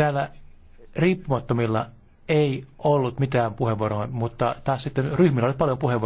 Täällä riippumattomilla ei ollut mitään puheenvuoroa, mutta taas sitten ryhmillä oli paljon puheenvuoroja.